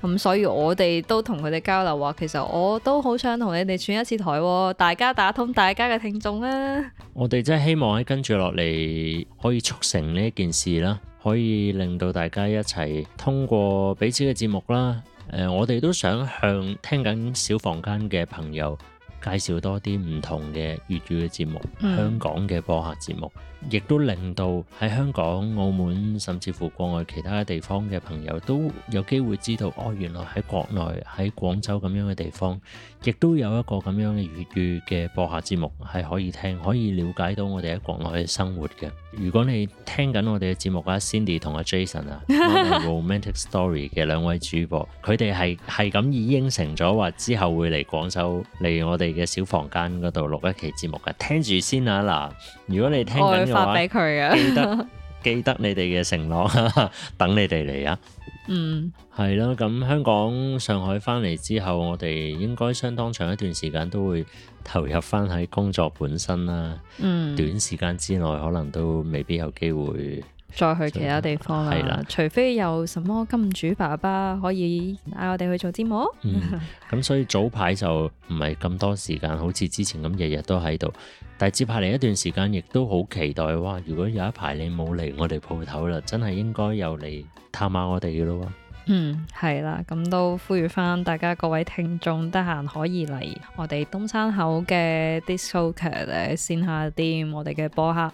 咁、嗯、所以我哋都同佢哋交流話，其實我都好想同你哋串一次台，哦，大家打通大家嘅聽眾啦、啊，我哋真係希望喺跟住落嚟可以促成呢件事啦。可以令到大家一齊通過彼此嘅節目啦。誒、呃，我哋都想向聽緊小房間嘅朋友介紹多啲唔同嘅粵語嘅節目，嗯、香港嘅播客節目。亦都令到喺香港、澳門，甚至乎國外其他地方嘅朋友都有機會知道，哦，原來喺國內喺廣州咁樣嘅地方，亦都有一個咁樣嘅粵語嘅播客節目係可以聽，可以了解到我哋喺國內嘅生活嘅。如果你聽緊我哋嘅節目啊，Cindy 同阿 Jason 啊， 我哋 Romantic Story 嘅兩位主播，佢哋係係咁意應承咗話，之後會嚟廣州嚟我哋嘅小房間嗰度錄一期節目嘅。聽住先啊，嗱。如果你聽緊嘅話，我發 記，記得記得你哋嘅承諾， 等你哋嚟啊！嗯，係啦，咁香港、上海翻嚟之後，我哋應該相當長一段時間都會投入翻喺工作本身啦。嗯，短時間之內可能都未必有機會。再去其他地方啦，係啦，除非有什麼金主爸爸可以嗌我哋去做節目。咁所以早排就唔係咁多時間，好似之前咁日日都喺度。但係接下嚟一段時間，亦都好期待喎。如果有一排你冇嚟我哋鋪頭啦，真係應該又嚟探下我哋嘅咯。嗯，係啦，咁都呼籲翻大家各位聽眾，得閒可以嚟我哋東山口嘅 DISC JOKER 線下店，我哋嘅播客。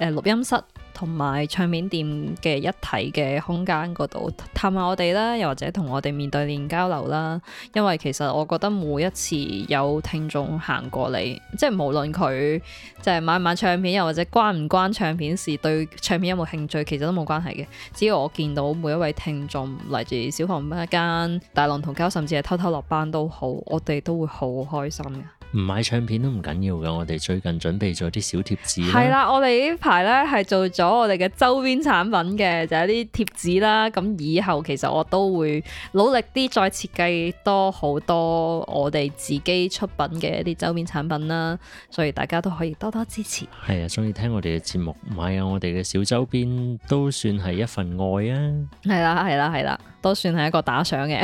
誒、呃、錄音室同埋唱片店嘅一體嘅空間嗰度探下我哋啦，又或者同我哋面對面交流啦。因為其實我覺得每一次有聽眾行過嚟，即係無論佢就係買唔買唱片，又或者關唔關唱片事，對唱片有冇興趣，其實都冇關係嘅。只要我見到每一位聽眾嚟自小房間、大浪淘膠，甚至係偷偷落班都好，我哋都會好開心嘅。唔買唱片都唔緊要嘅，我哋最近準備咗啲小貼紙。係啦，我哋呢排咧係做咗我哋嘅周邊產品嘅，就係啲貼紙啦。咁以後其實我都會努力啲再設計多好多我哋自己出品嘅一啲周邊產品啦。所以大家都可以多多支持。係啊，中意聽我哋嘅節目，買下我哋嘅小周邊都算係一份愛啊。係啦，係啦，係啦。都算係一個打賞嘅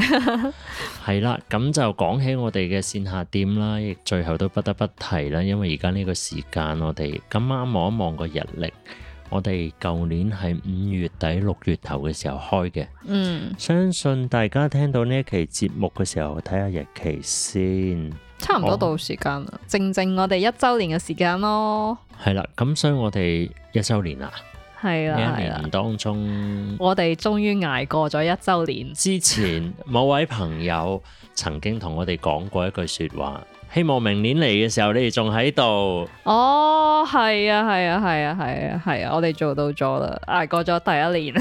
，係啦。咁就講起我哋嘅線下店啦，亦最後都不得不提啦。因為而家呢個時間，我哋咁啱望一望個日曆，我哋舊年係五月底六月頭嘅時候開嘅。嗯，相信大家聽到呢一期節目嘅時候，睇下日期先，差唔多到時間啦，哦、正正我哋一周年嘅時間咯。係啦，咁所以我哋一周年啦。係啊，係啊！當中我哋終於挨過咗一周年。之前某位朋友曾經同我哋講過一句說話， 希望明年嚟嘅時候你哋仲喺度。哦，係啊，係啊，係啊，係啊，係啊！我哋做到咗啦，挨過咗第一年。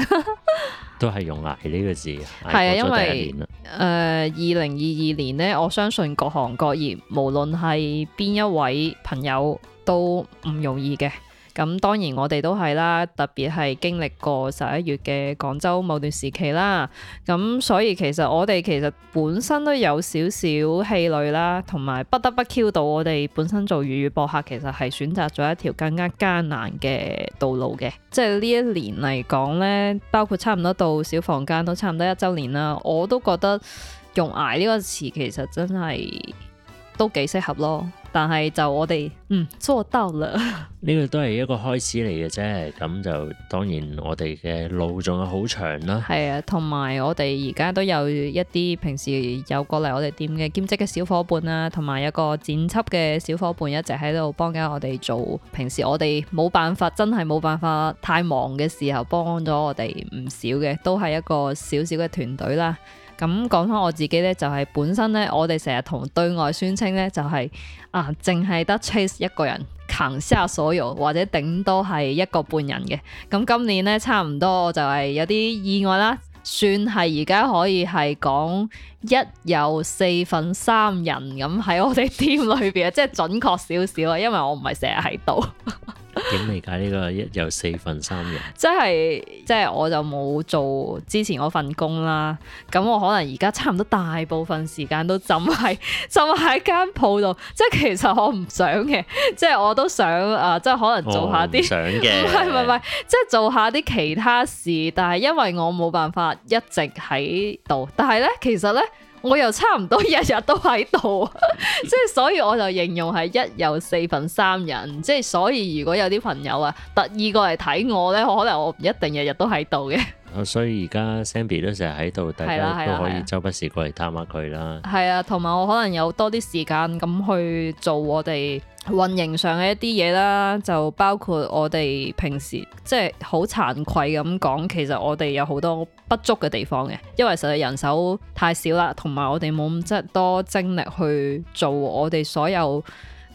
都係用挨呢個字，係啊，因為誒，二零二二年呢，我相信各行各業，無論係邊一位朋友都唔容易嘅。咁當然我哋都係啦，特別係經歷過十一月嘅廣州某段時期啦，咁所以其實我哋其實本身都有少少氣餒啦，同埋不得不嬌到我哋本身做粵語播客，其實係選擇咗一條更加艱難嘅道路嘅。即係呢一年嚟講呢，包括差唔多到小房間都差唔多一週年啦，我都覺得用捱呢個詞其實真係都幾適合咯。但係就我哋嗯，做到了，呢 個都係一個開始嚟嘅啫。咁就當然我哋嘅路仲係好長啦。係啊，同埋我哋而家都有一啲平時有過嚟我哋店嘅兼職嘅小夥伴啦，同埋有一個剪輯嘅小夥伴一直喺度幫緊我哋做。平時我哋冇辦法，真係冇辦法太忙嘅時候，幫咗我哋唔少嘅，都係一個小小嘅團隊啦。咁講翻我自己呢，就係本身呢，我哋成日同對外宣稱呢，就係啊，淨係得 Trace 一個人扛曬所有，或者頂多係一個半人嘅。咁今年呢，差唔多就係有啲意外啦，算係而家可以係講一又四分三人咁喺我哋 team 裏邊， 即係準確少少啊，因為我唔係成日喺度。 點理解呢個一有四份三樣？即係即係我就冇做之前嗰份工啦。咁我可能而家差唔多大部分時間都浸喺浸喺間鋪度。即係其實我唔想嘅，即係我都想啊，即係可能做下啲，哦、想嘅，唔係唔係唔係，即係 做下啲其他事。但係因為我冇辦法一直喺度。但係咧，其實咧。我又差唔多日日都喺度，即係所以我就形容係一又四分三人，即係所以如果有啲朋友啊特意過嚟睇我咧，可能我唔一定日日都喺度嘅。所以而家 Sammy 都成日喺度，大家都可以周不時過嚟探下佢啦。係啊，同埋、啊啊啊、我可能有多啲時間咁去做我哋運營上嘅一啲嘢啦，就包括我哋平時即係好慚愧咁講，其實我哋有好多不足嘅地方嘅，因為實在人手太少啦，同埋我哋冇咁即係多精力去做我哋所有誒、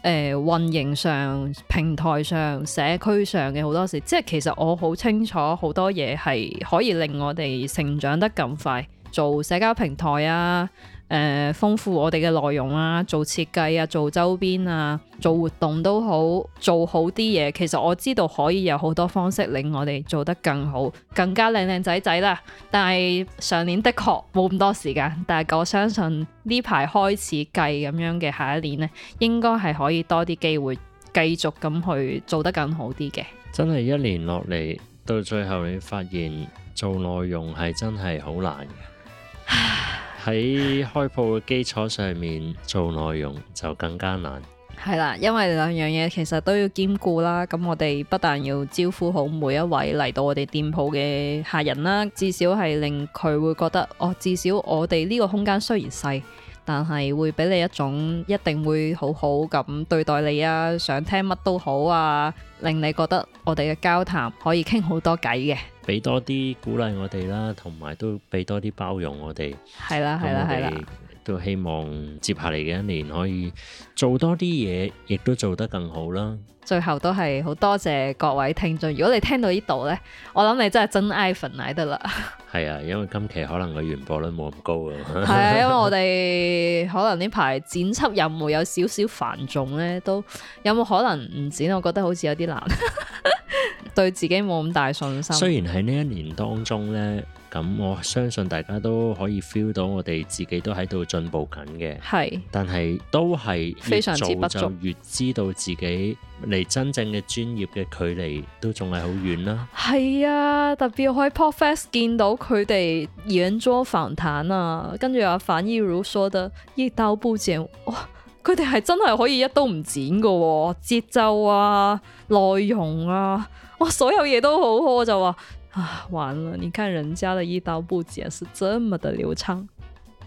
呃、運營上、平台上、社區上嘅好多事。即係其實我好清楚好多嘢係可以令我哋成長得咁快，做社交平台啊。誒，豐富我哋嘅內容啊，做設計啊，做周邊啊，做活動都好，做好啲嘢。其實我知道可以有好多方式令我哋做得更好，更加靚靚仔仔啦。但係上年的確冇咁多時間，但係我相信呢排開始計咁樣嘅下一年呢，應該係可以多啲機會，繼續咁去做得更好啲嘅。真係一年落嚟到最後，你發現做內容係真係好難嘅。喺開鋪嘅基礎上面做內容就更加難。係啦，因為兩樣嘢其實都要兼顧啦。咁我哋不但要招呼好每一位嚟到我哋店鋪嘅客人啦，至少係令佢會覺得，哦，至少我哋呢個空間雖然細，但係會俾你一種一定會好好咁對待你啊，想聽乜都好啊，令你覺得我哋嘅交談可以傾好多偈嘅。俾多啲鼓勵我哋啦，同埋都俾多啲包容我哋。係啦的，係啦，係啦。都希望接下嚟嘅一年可以做多啲嘢，亦都做得更好啦。最後都係好多謝各位聽眾。如果你聽到呢度呢，我諗你真係真愛粉嚟噶啦。係啊，因為今期可能個完播率冇咁高啊。係 啊，因為我哋可能呢排剪輯任務有少少繁重呢？都有冇可能唔剪？我覺得好似有啲難。 對自己冇咁大信心。雖然喺呢一年當中呢，咁我相信大家都可以 feel 到我哋自己都喺度進步緊嘅。係是，但係都係越做就越知道自己離真正嘅專業嘅距離都仲係好遠啦。係啊，特別我喺 Podfest 見到佢哋圓桌訪談啊，跟住阿反亦如說得一刀不剪。哇佢哋係真係可以一刀唔剪噶，哦，節奏啊、內容啊，哇、哦，所有嘢都好，我就話啊，完了！你看人家的一刀不剪是這麼的流暢，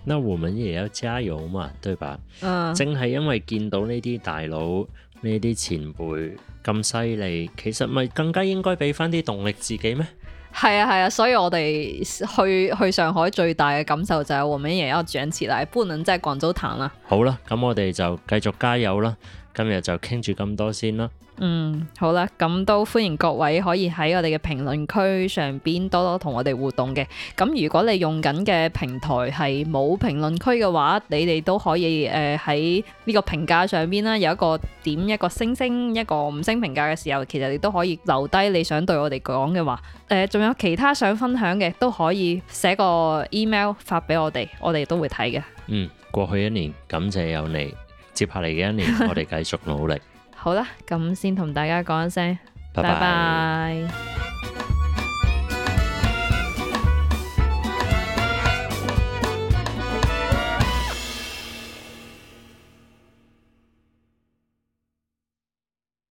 那我們也要加油嘛，對吧？嗯，正係因為見到呢啲大佬、呢啲前輩咁犀利，其實咪更加應該俾翻啲動力自己咩？係啊係啊，所以我哋去去上海最大嘅感受就係我哋都要捲起嚟，不能喺廣州談啦。好啦，咁我哋就繼續加油啦！今日就傾住咁多先啦。嗯，好啦，咁都歡迎各位可以喺我哋嘅評論區上邊多多同我哋互動嘅。咁如果你用緊嘅平台係冇評論區嘅話，你哋都可以誒，喺呢個評價上邊啦，有一個點一個星星一個五星評價嘅時候，其實你都可以留低你想對我哋講嘅話。誒、呃，仲有其他想分享嘅都可以寫個 email 發俾我哋，我哋都會睇嘅。嗯，過去一年感謝有你。接下嚟嘅一年， 我哋繼續努力。 好啦，咁先同大家講一聲，拜拜 bye。Bye bye。